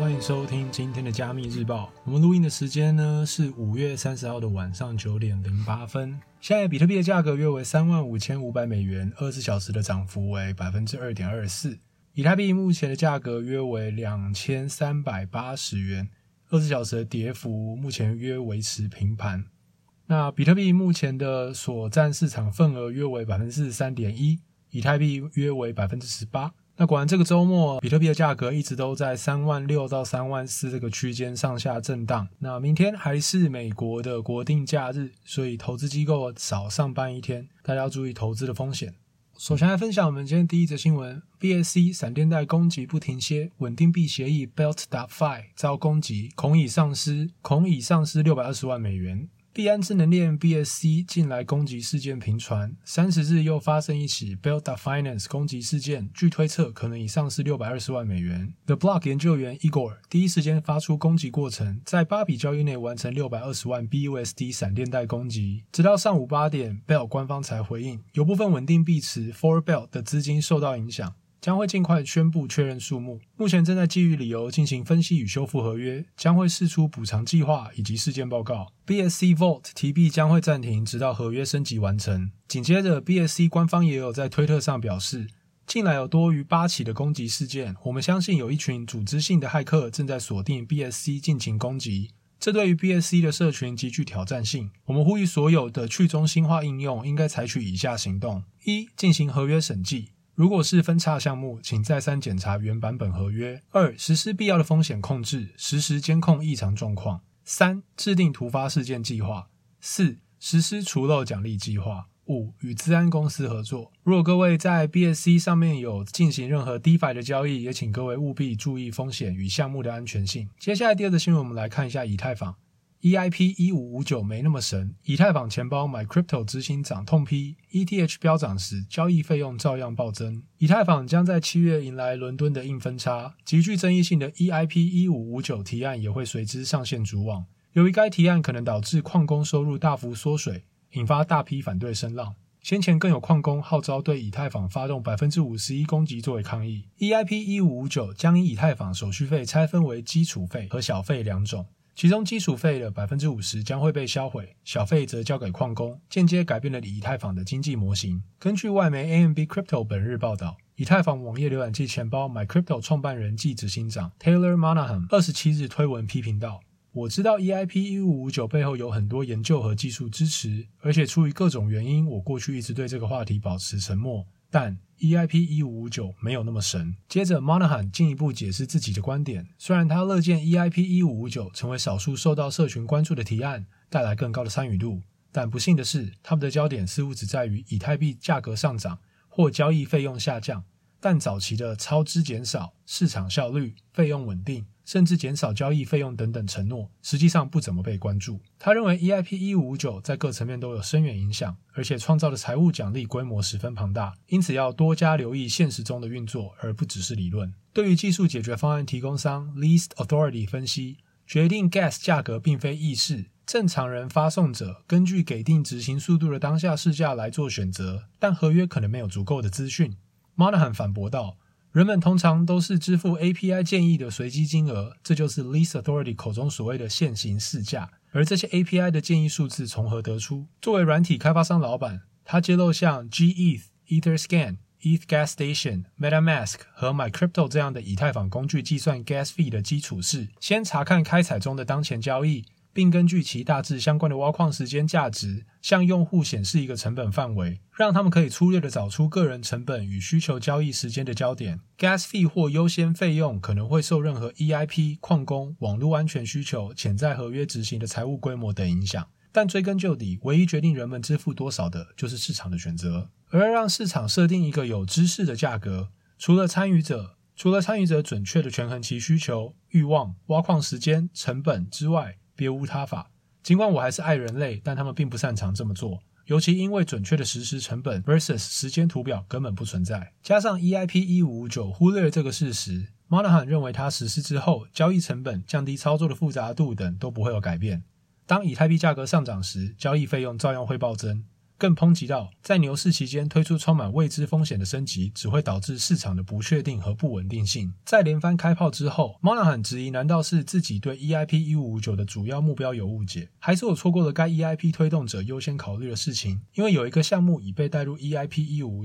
歡迎收聽今天的加密日報。我們錄音的時間呢是五月三十號的晚上九點零八分。現在比特幣的價格約為三萬五千五百美元，二十四小時的漲幅為百分之二點二四。以太幣目前的價格約為兩千三百八十元，二十四小時的跌幅目前約維持平盤。那比特幣目前的所占市場份額約為百分之四十三點一，以太幣約為百分之十八。那果然，這個周末比特幣的價格一直都在三萬六到三萬四這個區間上下震盪。那明天還是美國的國定假日，所以投資機構少上班一天，大家要注意投資的風險。首先來分享我們今天第一則新聞：BSC 閃電貸攻擊不停歇，穩定幣協議 Belt.fi 遭攻擊，恐已喪失，恐已喪失六百二十萬美元。幣安智能鏈 BSC 近來攻擊事件頻傳，三十日又發生一起 Belt Finance 攻擊事件，據推測可能已喪失六百二十萬美元。The Block 研究員 Igor 第一時間發出攻擊過程，在八筆交易內完成六百二十萬 BUSD 閃電貸攻擊，直到上午八點，Belt 官方才回應，有部分穩定幣池 For Belt 的資金受到影響。將會盡快宣布確認數目。目前正在基於理由進行分析與修復合約，將會釋出補償計劃以及事件報告。BSC Vault 提幣將會暫停，直到合約升級完成。緊接着，BSC 官方也有在推特上表示，近來有多於八起的攻擊事件，我們相信有一群組織性的駭客正在鎖定 BSC 進行攻擊，這對於 BSC 的社群極具挑戰性。我們呼籲所有的去中心化應用應該採取以下行動：一、進行合約審計。如果是分叉項目，請再三檢查原版本合約。二、實施必要的風險控制，實時監控異常狀況。三、制定突發事件計劃。四、實施除漏獎勵計劃。五、與資安公司合作。如果各位在 BSC 上面有進行任何 DeFi 的交易，也請各位務必注意風險與項目的安全性。接下來第二個新聞，我們來看一下以太坊。EIP 一五五九沒那麼神，以太坊錢包 MyCrypto 執行長痛批，ETH 飆漲時交易費用照樣暴增。以太坊將在七月迎來倫敦的硬分叉，極具爭議性的 EIP 一五五九提案也會隨之上線主網。由於該提案可能導致礦工收入大幅縮水，引發大批反對聲浪。先前更有礦工號召對以太坊發動百分之五十一攻擊作為抗議。EIP 一五五九將以以太坊手續費拆分為基礎費和小費兩種。其中基礎費的百分之五十將會被銷毀，小費則交給礦工，間接改變了以太坊的經濟模型。根據外媒 AMB Crypto 本日報道，以太坊網頁瀏覽器錢包 My Crypto 創辦人暨執行長 Taylor Monahan 二十七日推文批評道：“我知道 EIP 一五五九背後有很多研究和技術支持，而且出於各種原因，我過去一直對這個話題保持沉默。”但 EIP 1559沒有那麼神。接着，Monahan 進一步解釋自己的觀點：雖然他樂見 EIP 1559成為少數受到社群關注的提案，帶來更高的參與度，但不幸的是，他們的焦點似乎只在於以太幣價格上漲或交易費用下降，但早期的超支減少、市場效率、費用穩定。甚至減少交易費用等等承諾，實際上不怎麼被關注。他認為 EIP 一五五九在各層面都有深遠影響，而且創造的財務獎勵規模十分龐大，因此要多加留意現實中的運作，而不只是理論。對於技術解決方案提供商，Least Authority 分析決定 Gas 價格並非易事。正常人發送者根據給定執行速度的當下市價來做選擇，但合約可能沒有足夠的資訊。Monahan 反駁道。人們通常都是支付 API 建議的隨機金額，這就是 Lease Authority 口中所謂的現行市價。而這些 API 的建議數字從何得出？作為軟體開發商老板，他揭露像，像 Geth、Etherscan、ETH Gas Station、MetaMask 和 MyCrypto 這樣的以太坊工具，計算 gas fee 的基礎是先查看開採中的當前交易。並根據其大致相關的挖礦時間價值，向用戶顯示一個成本範圍，讓他們可以粗略的找出個人成本與需求交易時間的焦點。Gas Fee 或優先費用可能會受任何 EIP、礦工、網絡安全需求、潛在合約執行的財務規模等影響，但追根究底，唯一決定人們支付多少的就是市場的選擇。而要讓市場設定一個有知識的價格，除了參與者，除了參與者準確的權衡其需求、慾望、挖礦時間、成本之外，別無他法。儘管我還是愛人類，但他們並不擅長這麼做，尤其因為準確的實時成本 versus 時間圖表根本不存在。加上 EIP 一五五九忽略了這個事實，Monahan 認為它實施之後，交易成本降低、操作的複雜度等都不會有改變。當以太幣價格上漲時，交易費用照樣會暴增。更抨擊到，在牛市期間推出充滿未知風險的升級，只會導致市場的不確定和不穩定性。在連番開炮之後，Monahan 質疑：難道是自己對 EIP 1559的主要目標有誤解，還是我錯過了該 EIP 推動者優先考慮的事情？因為有一個項目已被帶入 EIP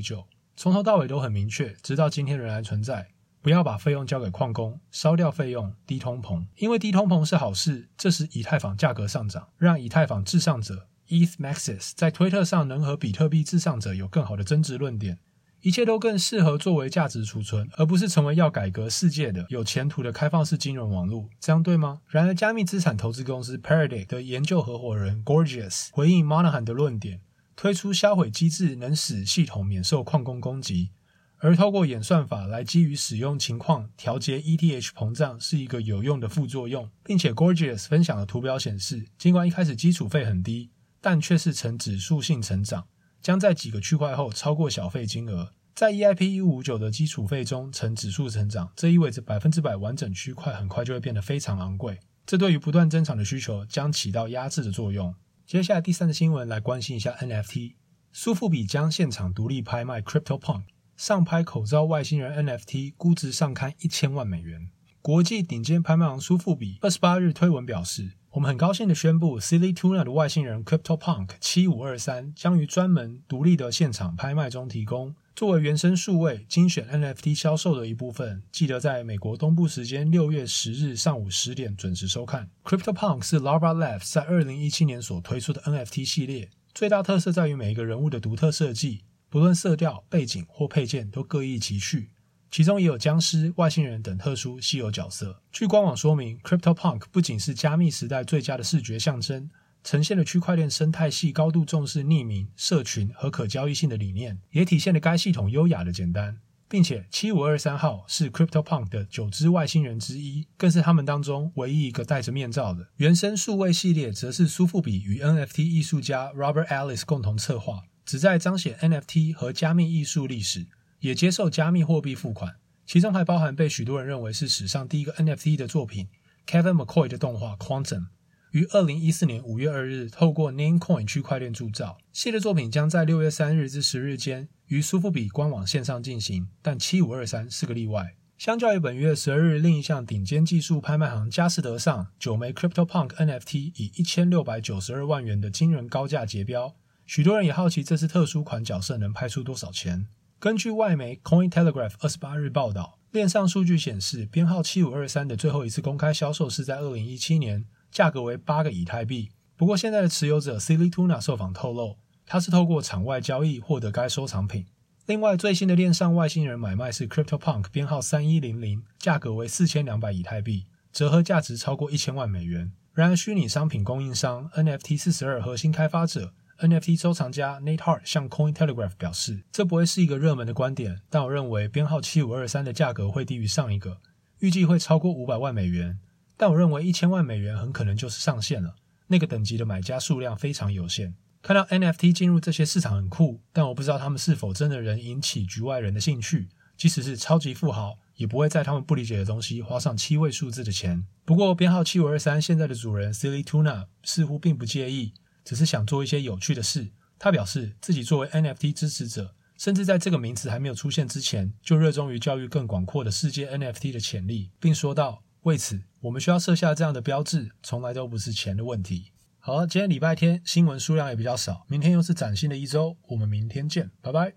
1559，從頭到尾都很明確，直到今天仍然存在。不要把費用交給礦工，燒掉費用，低通膨，因為低通膨是好事，這時以太坊價格上漲，讓以太坊至上者。ETH Maxis, 在推特上能和比特幣至上者有更好的爭執論點，一切都更適合作為價值儲存，而不是成為要改革世界的有前途的開放式金融網絡，這樣對嗎？然而，加密資產投資公司 Paradigm 的研究合夥人 Gorgias 回應 Monahan 的論點，推出銷毀機制能使系統免受礦工攻擊，而透過演算法來基於使用情況調節 ETH 膨脹是一個有用的副作用，並且 Gorgias 分享的圖表顯示，儘管一開始基礎費很低。但卻是呈指數性成長，將在幾個區塊後超過小費金額。在 EIP 一五五九的基礎費中呈指數成長，這意味着百分之百完整區塊很快就會變得非常昂貴。這對於不斷增長的需求將起到壓制的作用。接下來，第三個新聞來關心一下 NFT。蘇富比將現場獨立拍賣 CryptoPunk，上拍口罩外星人 NFT，估值上看一千萬美元。國際頂尖拍賣行蘇富比二十八日推文表示。我們很高興地宣布 Silly Tuna 的外星人 CryptoPunk 七五二三將於專門獨立的現場拍賣中提供，作為原生數位精選 NFT 銷售的一部分。記得在美國東部時間六月十日上午十點準時收看。CryptoPunk 是 Larva Labs 在二零一七年所推出的 NFT 系列，最大特色在於每一個人物的獨特設計，不論色調、背景或配件都各異其趣。其中也有僵屍、外星人等特殊稀有角色。據官網說明，CryptoPunk 不僅是加密時代最佳的視覺象徵，呈現了區塊鏈生態系高度重視匿名、社群和可交易性的理念，也體現了該系統優雅的簡單。並且，七五二三號是 CryptoPunk 的九隻外星人之一，更是他們當中唯一一個戴着面罩的。原生數位系列則是蘇富比與 NFT 藝術家 Robert Alice 共同策劃，旨在彰顯 NFT 和加密藝術歷史。也接受加密貨幣付款，其中還包含被許多人認為是史上第一個 NFT 的作品 Kevin McCoy 的動畫 Quantum，於二零一四年五月二日透過 Namecoin 區塊鏈鑄造。系列作品將在六月三日至十日間於蘇富比官網線上進行，但七五二三是個例外。相較於本月十二日另一項頂尖技術拍賣行佳士得上九枚 CryptoPunk NFT 以一千六百九十二萬元的驚人高價結標，許多人也好奇這次特殊款角色能拍出多少錢。根據外媒 Coin Telegraph 二十八日報道，鏈上數據顯示，編號七五二三的最後一次公開銷售是在二零一七年，價格為八個以太幣。不過，現在的持有者 SillyTuna 受訪透露，他是透過場外交易獲得該收藏品。另外，最新的鏈上外星人買賣是 CryptoPunk 編號三一零零，價格為四千兩百以太幣，折合價值超過一千萬美元。然而，虛擬商品供應商 NFT 四十二核心開發者。NFT 收藏家 Nate Hart 向 Coin Telegraph 表示：“這不會是一個熱門的觀點，但我認為編號7523的價格會低於上一個，預計會超過五百萬美元。但我認為一千萬美元很可能就是上限了。那個等級的買家數量非常有限。看到 NFT 進入這些市場很酷，但我不知道他們是否真的能引起局外人的興趣。即使是超級富豪，也不會在他們不理解的東西花上七位數字的錢。不過，編號7523現在的主人 Silly Tuna 似乎並不介意。”只是想做一些有趣的事，他表示自己作為 NFT 支持者，甚至在這個名詞還沒有出現之前，就熱衷於教育更廣闊的世界 NFT 的潛力，並說道：“為此，我們需要設下這樣的標誌，從來都不是錢的問題。”好了，今天禮拜天，新聞數量也比較少，明天又是嶄新的一周，我們明天見，拜拜。